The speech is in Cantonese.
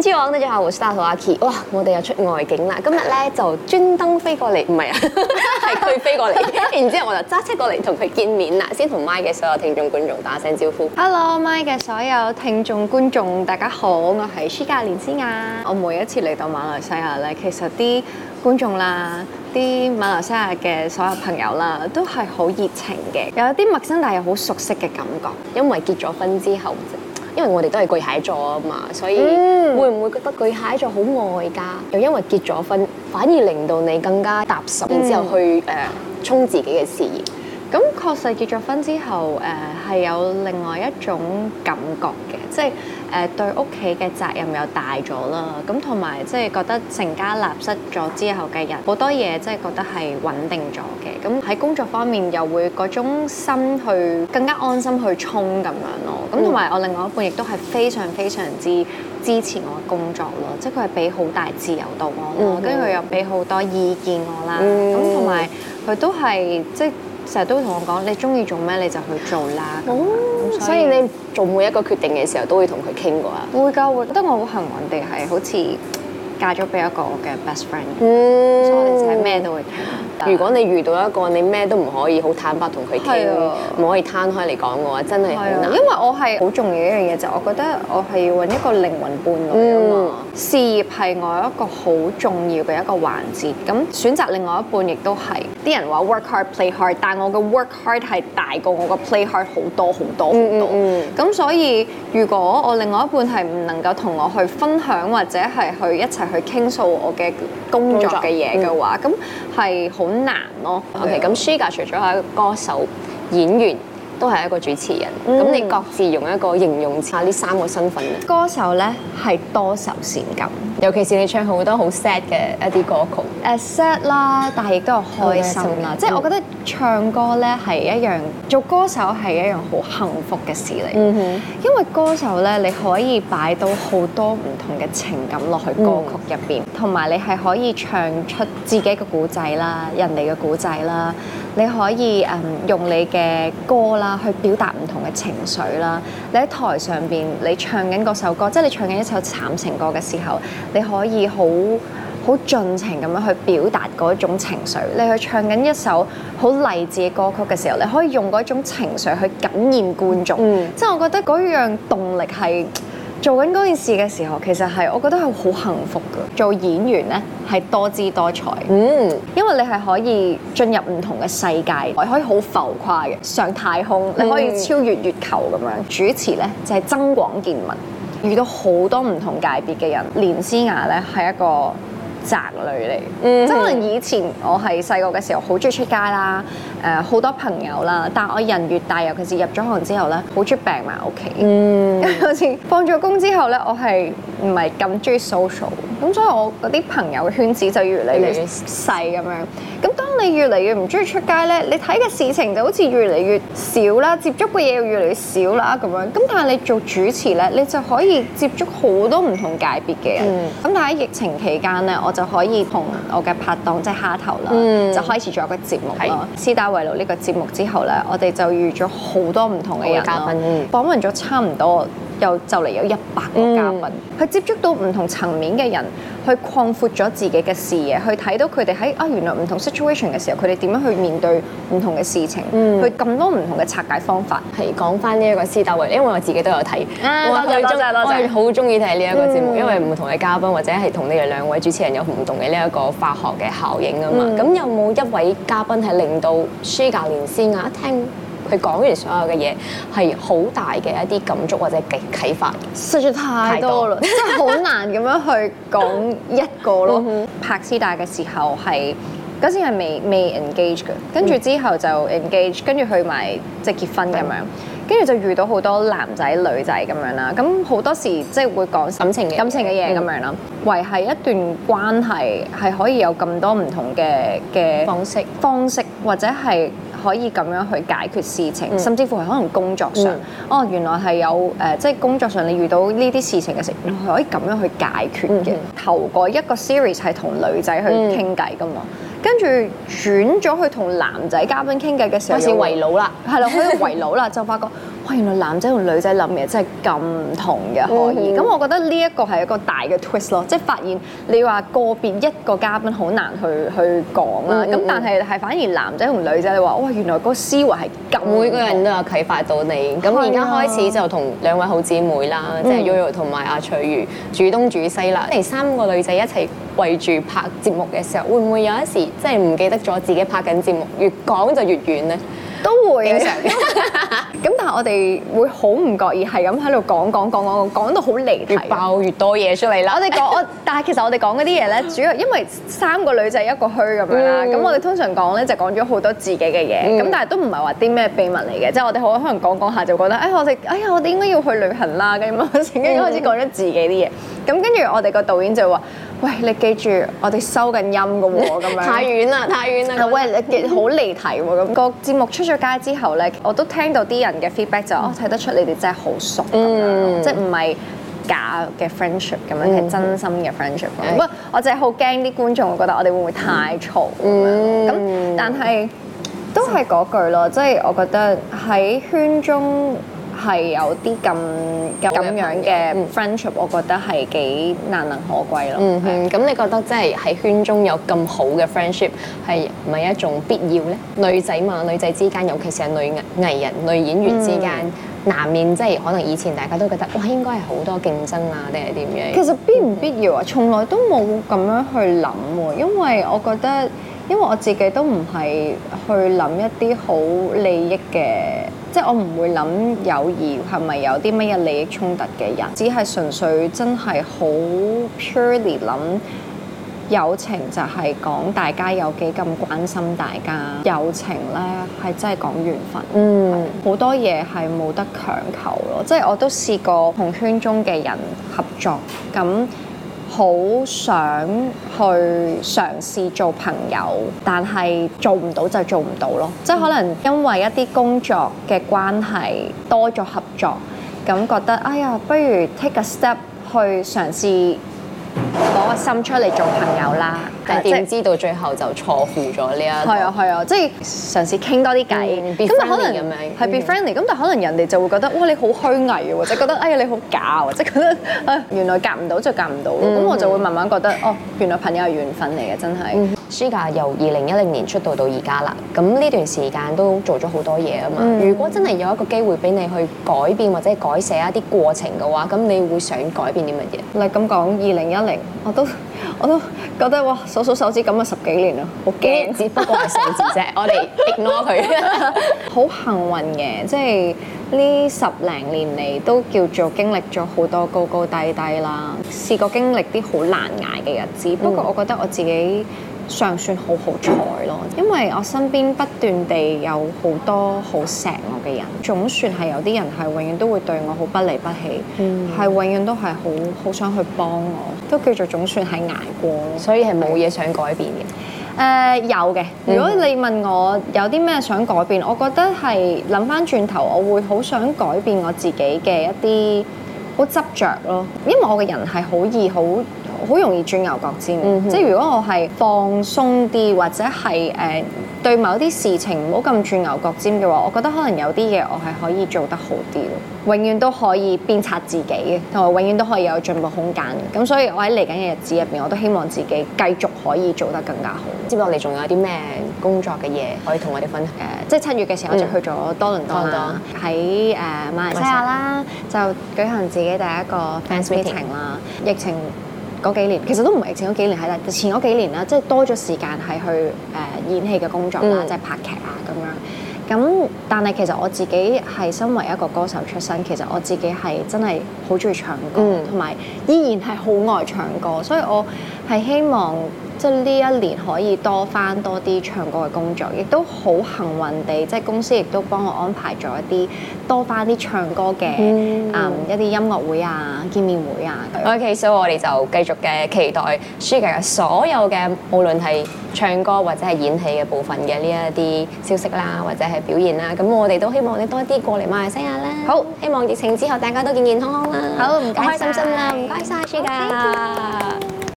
之後咧就係我 Star 同阿 K 哇！我哋又出外景啦，今日咧就專登飛過嚟，唔係啊，係佢 飛過嚟。然之後我就揸車過嚟同佢見面啦。先同 My 嘅所有聽眾觀眾打聲招呼。Hello，My 嘅所有聽眾觀眾，大家好，我係 Shiga 連詩雅啊。我每一次嚟到馬來西亞咧，其實啲觀眾啦，啲馬來西亞嘅所有朋友啦，都係好熱情嘅，有啲陌生但係又好熟悉嘅感覺，因為結咗婚之後因為我哋都係巨蟹座啊嘛，所以會唔會覺得巨蟹座好外家？又因為結咗婚，反而令到你更加踏實，然後之後去誒、呃、衝自己嘅事業。咁確實結咗婚之後，誒、呃、係有另外一種感覺嘅，即係誒、呃、對屋企嘅責任又大咗啦。咁同埋即係覺得成家立室咗之後嘅人，好多嘢即係覺得係穩定咗嘅。咁喺工作方面又會嗰種心去更加安心去衝咁樣咯。咁同埋我另外一半亦都係非常非常之支持我工作咯。即係佢係俾好大自由度我咯，跟住佢又俾好多意見我啦。咁同埋佢都係即係。成日都同我講，你中意做咩你就去做啦。哦，所以，所以你做每一個決定嘅時候都會同佢傾過啊？會㗎，覺得我好幸運地，係好似嫁咗俾一個我嘅 best friend。嗯，所以你咩都會。但如果你遇到一個你咩都唔可以好坦白同佢傾，唔、啊、可以攤開嚟講嘅話，真係好難啊。因為我係好重要一樣嘢，就我覺得我係要揾一個靈魂伴侶，嗯、事業係我一個好重要嘅一個環節，咁選擇另外一半亦都係。啲人話 work hard play hard，但我嘅 work hard 係大過我嘅 play hard 好多好多好多，咁、mm hmm. 所以如果我另外一半係唔能夠同我去分享或者係去一齊去傾訴我嘅工作嘅嘢嘅話，咁係好難咯。OK，咁 Yeah. 那 Shiga 除咗係一個歌手、演員，都係一個主持人，咁你、嗯、各自用一個形容詞下呢、啊、三個身份，歌手呢，係多愁善感，尤其是你唱好多好 sad 嘅一啲歌曲、呃、sad 啦，但係亦都係開心啦。嗯、即係我覺得唱歌呢，係一樣，嗯、做歌手係一樣好幸福嘅事嚟。嗯、哼因為歌手呢，你可以擺到好多唔同嘅情感落去歌曲入邊，同埋、嗯、你係可以唱出自己嘅古仔啦，人哋嘅古仔啦。你可以誒、嗯、用你嘅歌啦，去表達唔同嘅情緒啦。你喺台上邊，你唱緊嗰首歌，即係你唱緊一首慘情歌嘅時候，你可以好好盡情咁樣去表達嗰一種情緒。你去唱緊一首好勵志嘅歌曲嘅時候，你可以用嗰一種情緒去感染觀眾。即係、嗯嗯、我覺得嗰樣動力係。做緊嗰件事嘅時候，其實係我覺得係好幸福噶。做演員呢係多姿多彩，嗯，mm. 因為你係可以進入唔同嘅世界，可以好浮誇嘅上太空，你可以超越月球咁樣。Mm. 主持呢就係、是、增廣見聞，遇到好多唔同界別嘅人。連詩雅呢係一個宅女嚟，即係、mm hmm. 以前我係細個嘅時候好中意出街啦，誒、呃、好多朋友啦，但我人越大，尤其是入咗行之後咧，好中意病埋屋企。好似、mm hmm. 放咗工之後咧，我係唔係咁中意 social，咁所以我嗰啲朋友圈子就越嚟越細咁你樣。咁當你越嚟越唔中意出街呢，你睇嘅事情就好似越嚟越少啦，接觸嘅嘢又越嚟越少啦咁樣。咁但係你做主持呢，你就可以接觸好多唔同界別嘅人。咁、嗯、但係喺疫情期間呢，我就可以同我嘅拍檔即係蝦頭啦，嗯、就開始做一個節目啦。師大為路呢、呢個節目之後呢，我哋就遇咗好多唔同嘅人啦，嘉賓，嗯、訪問咗差唔多有就嚟有一百個嘉賓，佢、嗯、接觸到唔同層面嘅人。去擴闊咗自己嘅視野，去睇到佢哋喺啊原來唔同 situation 嘅時候，佢哋點樣去面對唔同嘅事情，嗯、去咁多唔同嘅拆解方法，係講翻呢一個師大維，因為我自己都有睇。我最中意睇呢一、啊、個節目，因為唔同嘅嘉賓或者係同你哋兩位主持人有唔同嘅呢一個化學嘅效應啊嘛。咁有冇一位嘉賓係令到 Shiga 連詩雅聽？佢講完所有嘅嘢，係好大嘅一啲感觸或者嘅啟發，實在太多啦，真係好難咁樣去講一個咯。 嗯、哼拍師大嘅時候係嗰陣係未未 engage 嘅，跟住之後就 engage，跟住去埋即係結婚咁樣，跟住、嗯、就遇到好多男仔女仔咁樣啦。咁好多時即係會講感情嘅感情嘅嘢咁樣啦，嗯、維係一段關係係可以有咁多唔同嘅嘅方式方式或者係，可以咁樣去解決事情，嗯、甚至乎係可能工作上，嗯、哦，原來係有誒、呃，即係工作上你遇到呢啲事情嘅時候，你可以咁樣去解決嘅。頭個、嗯、一個 series 係同女仔去傾偈嘅嘛，嗯、跟住轉咗去同男仔嘉賓傾偈嘅時候開始圍佬啦，係啦，開始圍佬啦， 就發覺。哇！原來男仔同女仔諗嘢真係咁唔同嘅，可以咁，我覺得呢一個係一個大嘅 twist 咯，即係發現你話個別一個嘉賓好難去去講啦，咁但係係反而男仔同女仔你話，哇！原來嗰個思維係咁，每個人都有啟發到你。咁而家開始就同兩位好姊妹啦，即係 Yoyo 同埋阿翠如主東主西啦。嚟三個女仔一齊圍住拍節目嘅時候，會唔會有一時即係唔記得咗自己拍緊節目，越講就越遠呢？都會，咁常 但係我哋會好唔覺意係咁喺度講講講講講，講到好離題，越爆越多嘢出嚟啦。 我哋講，我但係其實我哋講嗰啲嘢咧，主要因為三個女仔一個虛咁樣啦。咁、嗯、我哋通常講咧就講咗好多自己嘅嘢，咁、嗯、但係都唔係話啲咩秘密嚟嘅。即、就、係、是、我哋好可能講講下就覺得，哎我哋，哎呀我哋應該要去旅行啦，咁啊，突、嗯、然間開始講咗自己啲嘢。咁跟住我哋個導演就話。喂，你記住，我哋收緊音㗎喎，咁樣太遠啦，太遠啦。喂，你好離題喎，咁個節目出咗街之後咧，我都聽到啲人嘅 feedback 就，哦，睇得出你哋真係好熟，咁樣即係唔係假嘅 friendship 咁樣，係真心嘅 friendship。唔係，我淨係好驚啲觀眾會覺得我哋會唔會太嘈咁樣。咁但係都係嗰句咯，即係我覺得喺圈中。係有啲咁咁樣嘅 friendship，我覺得係幾難能可貴咯。嗯嗯，咁是、嗯、你覺得即係喺圈中有咁好嘅 friendship 係唔係一種必要呢？嗯、女仔嘛，女仔之間，尤其是係女藝人、女演員之間，嗯、難免即係可能以前大家都覺得哇，應該係好多競爭啊，定係點樣？其實必唔必要啊，嗯、從來都冇咁樣去諗喎、啊，因為我覺得，因為我自己都唔係去諗一啲好利益嘅。即係我唔會諗友誼係咪有啲乜嘢利益衝突嘅人，只係純粹真係好 purely 諗友情，就係講大家有幾咁關心大家，友情呢係真係講緣分，嗯，好多嘢係冇得強求咯。即係我都試過同圈中嘅人合作咁。好想去嘗試做朋友，但係做唔到就做唔到咯。即係可能因為一啲工作嘅關係，多咗合作，咁覺得哎呀，不如 take a step 去嘗試。攞個心出嚟做朋友啦，但係點知到最後就錯付咗呢一？係 啊係啊，即係嘗試傾多啲偈，咁、嗯、但可能係 be friendly 咁，但係可能人哋就會覺得哇你好虛偽喎，或者覺得哎呀你好假啊，即係覺得啊、哎、原來夾唔到，就係夾唔到。咁我就會慢慢覺得哦，原來朋友係緣分嚟嘅，真係。嗯 Shiga 由二零一零年出道到而家啦，咁呢段時間都做咗好多嘢啊嘛。嗯、如果真係有一個機會俾你去改變或者改寫一啲過程嘅話，咁你會想改變啲乜嘢？嗱，咁講二零一零，我都我都覺得哇，數數手指咁啊十幾年啦，好驚！只 不過係數字啫， 我哋 ignore 佢。好 幸運嘅，即係呢十零年嚟都叫做經歷咗好多高高低低啦，試過經歷啲好難捱嘅日子。嗯、不過我覺得我自己。尚算好好彩咯，因為我身邊不斷地有好多好錫我嘅人，總算係有啲人係永遠都會對我好不離不棄，係、嗯、永遠都係好好想去幫我，都叫做總算係捱過，所以係冇嘢想改變嘅。誒對、呃、有嘅，如果你問我有啲咩想改變，嗯、我覺得係諗翻轉頭，我會好想改變我自己嘅一啲好執着咯，因為我嘅人係好易好。好容易轉牛角尖，即係、mm hmm. 如果我係放鬆啲，或者係誒、uh, 對某啲事情唔好咁轉牛角尖嘅話，我覺得可能有啲嘢我係可以做得好啲咯。永遠都可以鞭策自己嘅，同埋永遠都可以有進步空間。咁所以我喺嚟緊嘅日子入邊，我都希望自己繼續可以做得更加好。知唔知你仲有啲咩工作嘅嘢可以同我哋分享？Uh, 即係七月嘅時候我就去咗、嗯、多倫多啦，喺誒、uh, 馬來西亞啦心就舉行自己第一個 meeting. fans meeting 啦，疫情。嗰幾年其實都唔係疫情嗰幾年，係前嗰幾年啦，即係多咗時間係去誒演戲嘅工作啦，嗯、即係拍劇啊咁樣。咁但係其實我自己係身為一個歌手出身，其實我自己係真係好鍾意唱歌，同埋、嗯、依然係好愛唱歌，所以我係希望。即係呢一年可以多翻多啲唱歌嘅工作，亦都好幸運地，即係公司亦都幫我安排咗一啲多翻啲唱歌嘅、啊、mm. 嗯、一啲音樂會啊、見面會啊。OK，所以我哋就繼續嘅期待 Shiga 所有嘅，無論係唱歌或者係演戲嘅部分嘅呢一啲消息啦，或者係表演啦，咁我哋都希望你多啲過嚟馬來西亞啦。 好，希望疫情之後大家都健健康康啦。 好，唔該開心心啦，唔該曬 Shiga。